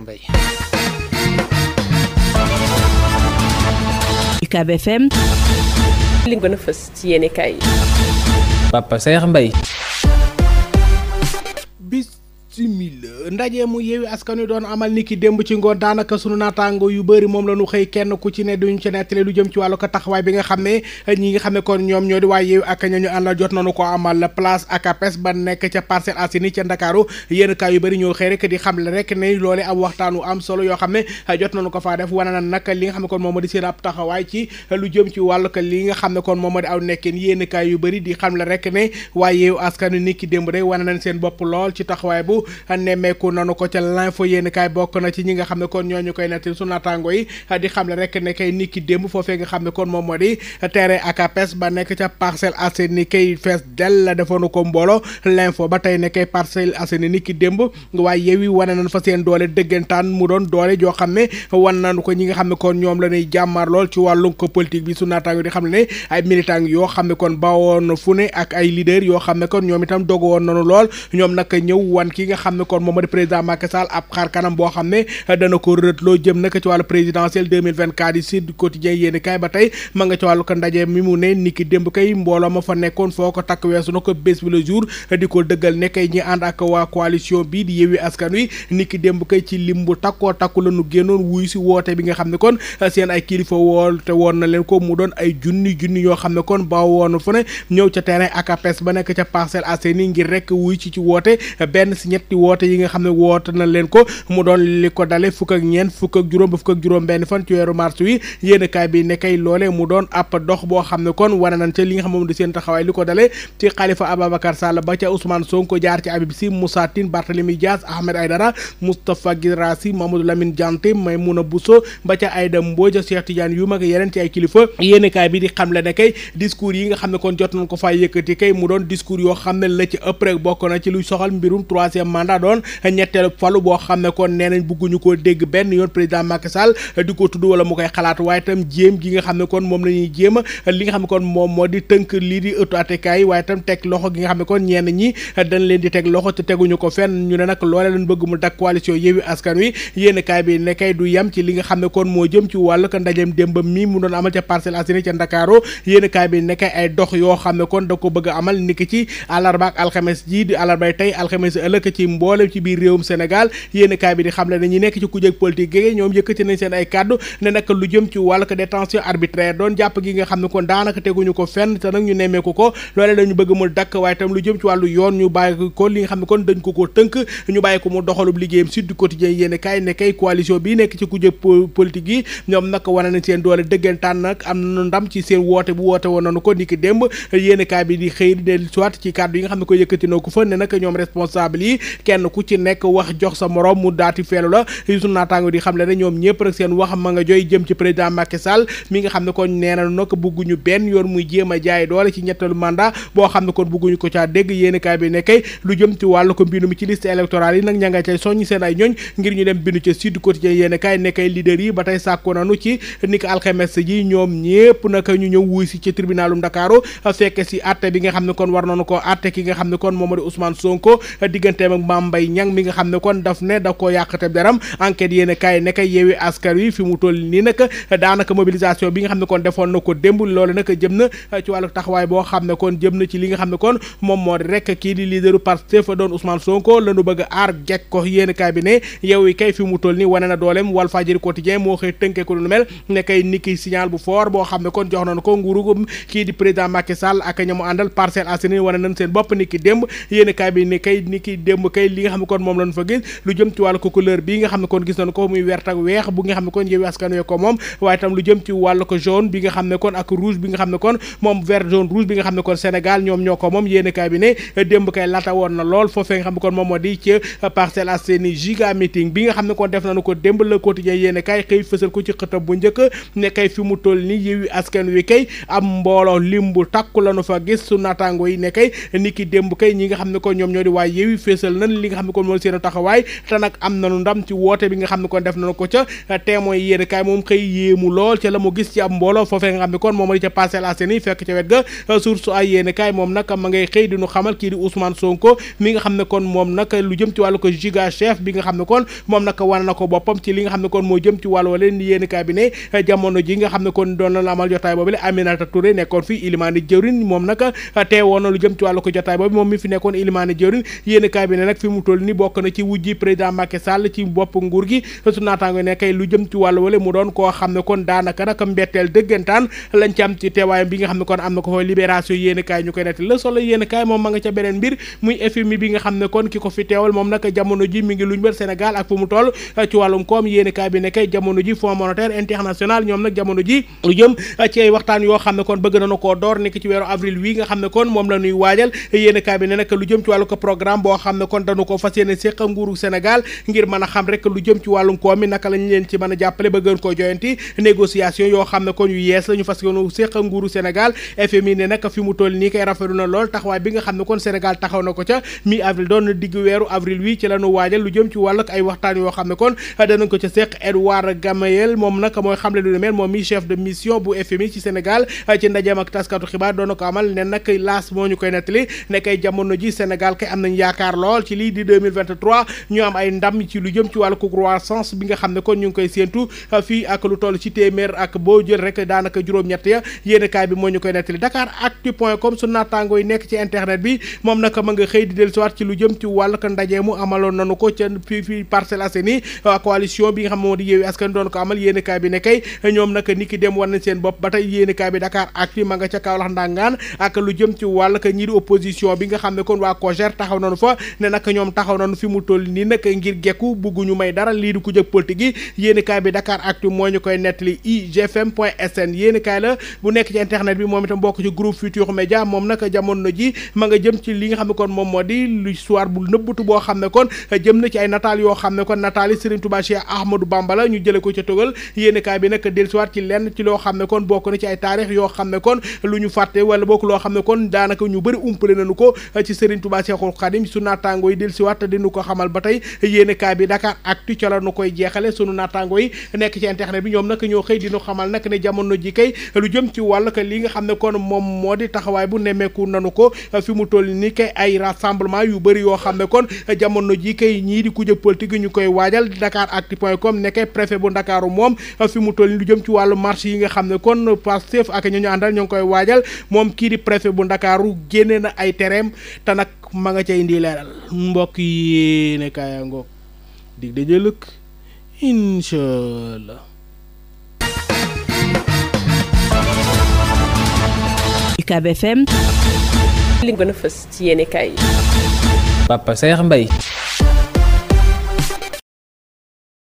Mbaye UCAB FM li gën a ci yéenekaay yi Papa Saer Mbaye ndaje mu yeewi askan wi doon amal ni ki ci ngoon daanaka sunu naataango yu bëri moom la ñu xëy kenn ku ci ne duñu ci nettali ci wàllu ko taxawaay bi nga xam ne ñi nga ne kon ñoom ñoo di waa yeewi ak ñañu àndal jot nañu ko amal place ak apes ba nekk ca Parcelles Assainies ca Ndakaaru yéen kaay ñoo xëy rek di xam le rek ne loole ab waxtaanu am solo yoo xam ne jot nañu ko faa def wane na nag li nga xam ne kon moom di seen ab taxawaay ci lu jëm ci wàllu ko li nga xam ne kon moom moo di aw nekkin yéen kaay yu bari di xam la rek ne waa yeewi askan wi ni ki démb day wane nañ seen bopp lool ci taxawaay bu nemmee nemmeeku nanu ko ca l'info yéen kaay bokk na ci ñi nga xam ne kon ñoo ñu koy nettali su naataango yi di xam le rek ne kay nit ki démb foofee nga ne kon moom moo di terrain ACAPES ba nekk ca Parcelles Assainies kay fees del la ko ba tey ne kay ñoom la ñuy lool ci wàllum ko politique bi su di xam ne ay militants yoo xam ne kon bawoon fu ne ak ay leaders yoo xam ne ñoom itam dogu woon nañu lool ñoom nag ñëw wan ki nga xam ne kon moom président Macky Sall ab xaar kanam boo xam ne dana ko rëtloo jëm naka ci wàllu présidentielle 2024 yi Sud Quotidien yéeni kaay ba tey ma nga ci wàllu ko ndaje mi mu ne niki démb kay mbooloo ma fa nekkoon foo ko takk ko bés di ko dëggal ne kay ñi ànd ak waa coalition bi di yewi askan wi niki démb kay lim bu takkoo takku la ñu génnoon wuyu si woote bi nga xam ne kon seen ay kilifa woote woon na leen ko mu doon ay junni junni yoo xam ne kon ba woon fu ne ñëw ca terrain ak APS ba nekk ca Parcelles Assainies ngir rek wuyu ci ci woote benn si ñetti woote yi nga xam ne na leen ko mu doon li ko dale fukk ak ñeent fukk ak juróom ba fukk ak juróom benn fan ci weeru mars wi kaay bi ne loole mu doon ab dox boo xam ne kon wane nañ ca li nga xam moom di seen li ko dale ci Khalifa Ababacar Sall ba ca Ousmane Sonko jaar ci Habib Sy Moussa Tine Barthélémy Dias Ahmed Aïdara Moustapha Guirassy Mamadou Lamine Dianté Maymouna Bousso ba ca Aïda Mbodj Cheikh Tidiane Youm ak yeneen ci ay kilifa bi xam le ne kay discours yi nga ne kon jot nañ ko faa yëkkati kay mu doon discours yoo xam ne la ci ëpp rek bokk na ci luy soxal mbirum troisième mandat doon ñetteelu falu boo xam ne kon nee nañ bëgguñu koo dégg benn yoon président Macky Sall di ko tudd wala mu koy xalaat waaye itam jéem gi nga xam ne kon moom la ñuy jéem li nga xam ne kon moom moo di tënk lii di ëttu attekaay waaye tam teg loxo gi nga xam ne kon ñenn ñi dañ leen di teg loxo te teguñu ko fenn ñu ne nag loolee lañ bëgg mu dak coalition Yewwi Askan Wi yéen kaay bi ne kay du yam ci li nga xam ne kon moo jëm ci wàll ko ndajeem démbam mi mu doon amal ca Parcelles Assainies ca Ndakaaru kaay bi ne dox yoo xam ne kon da ko bëgg amal niki ci àllarba ak ji di àllarbay tey alxames ëllëg ci mboolem ci biir réewum Sénégal yéen kaay bi di xam le ne ñi nekk ci kujje politique nañ seen ay kàddu ne nag lu jëm ci wàllu détention arbitraire doon jàpp gi nga xam ne ko na ndam ci seen woote bu woote woon nañu ko niki démb yëkkati na ko fa ne nag ñoom responsable yi kenn ku ci nekk wax jox sa morom mu daati feelu la sunu naataango di xam le ne ñoom ñëpp rek seen wax ma nga jooy jëm ci président Macky nga xam ne kon nee na nag bugguñu benn yoon muy a jaay doole ci ñettalu mandat boo xam ne kon bugguñu ko caa dégg yéeni kaay bi nekkee lu jëm ci wàllu ko mbindu mi ci liste électorale yi nag ña nga cay soññ seen ay ñooñ ngir ñu dem bindu ca Sud Quotidien ba tey sàkku nanu ci ni ko alxames ji ñoom ñëpp nag ñu ñëw wuy si ci tribunalum Ndakaaru fekke si atte bi nga xam ne kon war nañu ko atte ki nga xam ne kon moom di Ousmane Sonko digganteem ak Mame Mbaye Niang Niang mi nga xam ne kon daf ne da koo yàqate deram enquête yéen a kaay nekk yeewi askan wi fi mu toll nii nag daanaka mobilisation bi nga xam ne kon defoon na ko démb loolu nag ne kon ko yéen kaay bi ne kay bi ne kay niki démb kay li nga xam ne kon kon moom lañ fa gis lu jëm ci wàllu ko couleur bi nga xam ne kon Yewwi Askan Wi kay laata woon na takku lañu fa gis su naataango yi ne kay kay ñi nga xam ne kon ñoom ñoo di waa Yewwi fësal nañ li nga xam ne kon mooy seen taxawaay te nag moom xëy wane na ko boppam ci li nga xam ne kon moo jëm ci wàllu ko jotaay boobu moom mi fi nekkoon Ilimani Jëwrin yéen kaay nag fi mu toll ni bokk na ci wujji président Macky kay bi nga jamono ji fonds monétaire international ñoom nag jamono ji lu jëm ci ay la ñuy waajal yéen ko programme boo xam ne kon dañu ko fas yéen a séq nguuru Sénégal ngir mën a xam rek lu jëm ci wàllum koom mi naka lañ leen ci mën a jàppale ba gën koo joyanti négociation yoo xam ne ko ñu yees la ñu nguuru Sénégal FMI ne nag fi mu toll nii kay rafetlu na lool taxawaay bi nga xam ne kon Sénégal taxaw na ko ca mi avril doon digg weeru avril wi ci la ñu waajal lu jëm ci wàllu ay waxtaan yoo xam ne kon danañ ko ca séq Edouard Gamayel moom nag mooy xamle lu ne mel moom mi chef de mission bu FMI na ko amal ne nag laas moo ñu koy nettali ne kay jamono ji Sénégal kay am nañ yaakaar lool ci lii di 2023 ñu am ay ndam ci lu jëm ci wàllu croissance bi nga xam ne kon ñu ngi koy séentu euh, bi moo ñu koy nettali Dakaractu mu amaloon nanu ko ca fii fii Parcelles Assainies euh, coalition bi ko amal yéen kaay ndangaan ak lu jëm ci wàllu ñi di opposition bi nga xam ne kon waa COJER taxaw nañu fa ne nag ñoom taxaw taxaw nañu fi mu toll nii nag ngir gekku bëgguñu may dara lii di ku jëkk politique yi yéenekaay bi dakaar Actu moo ñu koy nettali igfm point sn yéenekaay la bu nekk ci internet bi moom itam bokk ci groupe Futurs Médias moom nag jamono ji nga jëm ci li nga xam ne kon moom moo di l'histoire bu nëbbatu boo xam ne kon jëm na ci ay nataal yoo xam ne kon nataal yi Serigne Touba Cheikh Ahmadou Bamba la ñu jële ko ca Tugal yéenekaay bi nag dellusiwaat ci lenn ci loo xam ne kon bokk na ci ay taarix yoo xam ne kon lu ñu fàtte wala bokk loo xam ne kon daanaka ñu bëri umpale nañu ko ci Serigne Touba Cheikhul Khadim su naataango yi dellusiwaat dinu ko xamal ba tey yéen bi dakaar Actu ca la nu koy jeexale sunu naataango yi nekk ci internet bi ñoom nag ñoo xëy dinu xamal nag ne jamono ji kay lu jëm ci wàll que li nga xam ne kon moom moo di bu nemmeeku nanu ko fi mu toll ni kay ay rassemblement yu bëri yoo xam ne kon jamono ji kay ñii di kujje politique ñu koy waajal Dakaractu point com nekkee préfet bu Ndakaaru moom fi mu toll ni lu jëm ci wàllu marche yi nga xam ne kon Pastef ak ñu ñu àndal ñoo ngi koy waajal moom kii di préfet bu Ndakaaru génne na ay tereem te nag ma nga ca indi leeral mbokk yi ne kaaya ngoog dig daje lëkk incha allah. UCAB FM. li gën a fës ci yéen kaay. Papa Saer Mbaye.